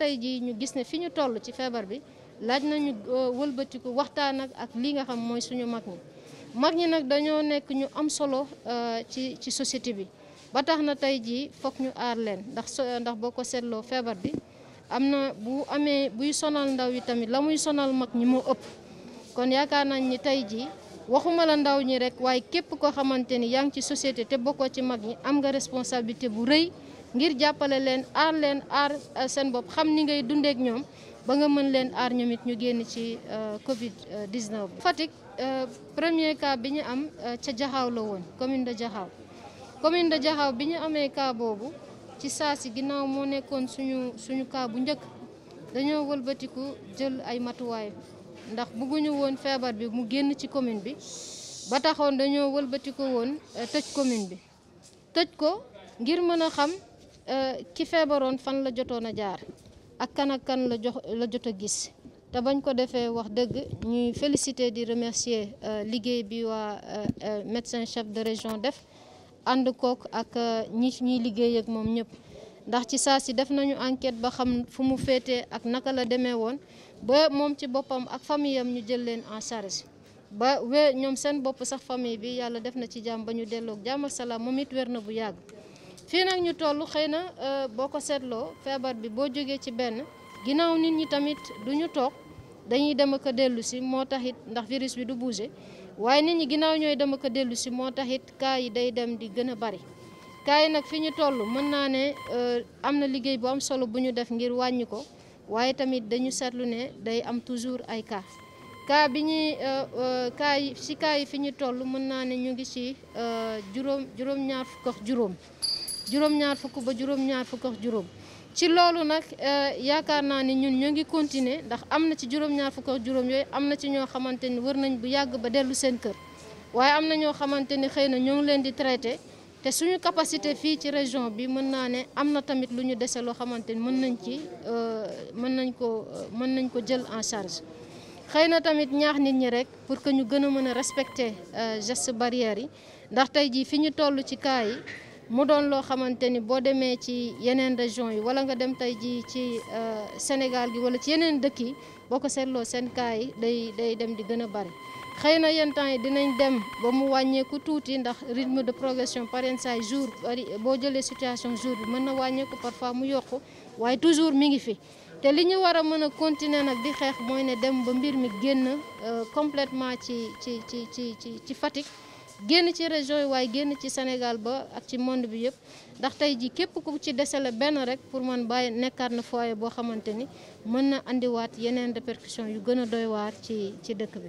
tey jii ñu gis ne fi ñu toll ci feebar bi laaj nañu euh, wëlbatiku waxtaan ak ak li nga xam mooy suñu mag ñi mag ñi nag dañoo nekk ñu am solo euh, ci ci société bi ba tax na tey jii foog ñu aar leen ndax ndax boo ko seetloo feebar bi am na bu amee buy sonal ndaw yi tamit la muy sonal mag ñi moo ëpp kon yaakaar nañ ni tey jii waxuma la ndaw ñi rek waaye képp koo xamante ni yaa ngi ci société te bokkoo ci mag ñi am nga responsabilité bu rëy ngir jàppale leen aar leen aar euh, seen bopp xam ni ngay dundeek ñoom ba nga mën leen aar ñoom ñu génn ci euh, Covid 19. Fatick euh, premier cas bi ñu am ca Jaxaaw la woon commune de Jaxaaw commune de Jaxaaw bi ñu amee cas boobu ci saa si ginnaaw moo nekkoon suñu suñu cas bu njëkk dañoo wëlbatiku jël ay matuwaay ndax bugguñu woon feebar bi mu génn ci commune bi ba taxoon dañoo wëlbatiku woon tëj commune bi tëj ko ngir mën a xam. Euh, ki feebaroon fan la jotoon a jaar ak kan kan la jox la jot a gis te bañ ko defee wax dëgg ñuy féliciter di remercier euh, liggéey bi waa euh, médecin chef de région def ànd kook ak ñi ñuy liggéey ak moom ñëpp ndax ci saa si def nañu enquête ba xam fu mu féetee ak naka la demee woon ba moom ci boppam ak famille am ñu jël leen en charge ba wé ñoom seen bopp sax famille bi yàlla def na ci jàmm ba ñu delloog jàmm ak salaam moom it wér na bu yàgg fii nag ñu toll xëy na euh, boo ko seetloo feebar bi boo jógee ci benn ginnaaw nit ñi tamit du ñu toog dañuy dem ak a dellu si moo tax it ndax virus bi du bougé waaye nit ñi ginnaaw ñooy dem ak a dellu si moo tax it cas yi day dem di gën a bari. kaa yi nag fi ñu toll mën naa ne euh, am na liggéey bu am solo bu ñu def ngir wàññi ko waaye tamit dañu seetlu ne day am toujours ay cas cas bi ñuy euh, cas yi si yi fi ñu toll mën naa ne ñu ngi ci juróom juróom-ñaar fukk juróom. juróom-ñaar fukk ba juróom-ñaar fukk ak juróom ci loolu nag eh, yaakaar naa ni ñun ñoo ngi continuer ndax am na ci juróom-ñaar fukk ak juróom yooyu am na ci ñoo xamante ni wër nañ bu yàgg ba dellu seen kër waaye am na ñoo xamante ni xëy na ñoo ngi leen di traité te suñu capacité fii ci région bi mën naa ne am na tamit lu ñu dese loo xamante ni mën nañ ci eh, mën nañ ko eh, mën nañ ko jël en charge xëy na tamit ñaax nit ñi rek pour que ñu gën a mën a respecter geste barrière yi ndax tey jii fi ñu toll ci cas mu doon loo xamante ni boo ci yenen région yi wala nga dem tay ji ci euh, Sénégal gi wala ci yenen dëkk yi boko ko seetloo seen cas day day dem di gëna bari xeyna na yenn temps yi dinañ dem ba mu wañé ku tuuti ndax rythme de progression par yenn saa jour bo jëlé situation jour bi mëna wañé wàññeeku parfois mu yokku waye toujours mi ngi fi té liñu wara mëna continuer nag di xex moy né dem ba mbir mi génn euh, complètement ci ci ci ci ci fatigue génn ci région yi waaye génn ci Sénégal ba ak ci monde bi yëpp ndax tey ji képp ku ci desale benn rek pour man bàyyi nekkaat na foyer boo xamante ni mën na indiwaat yeneen répercussions yu gën a doy waar ci ci dëkk bi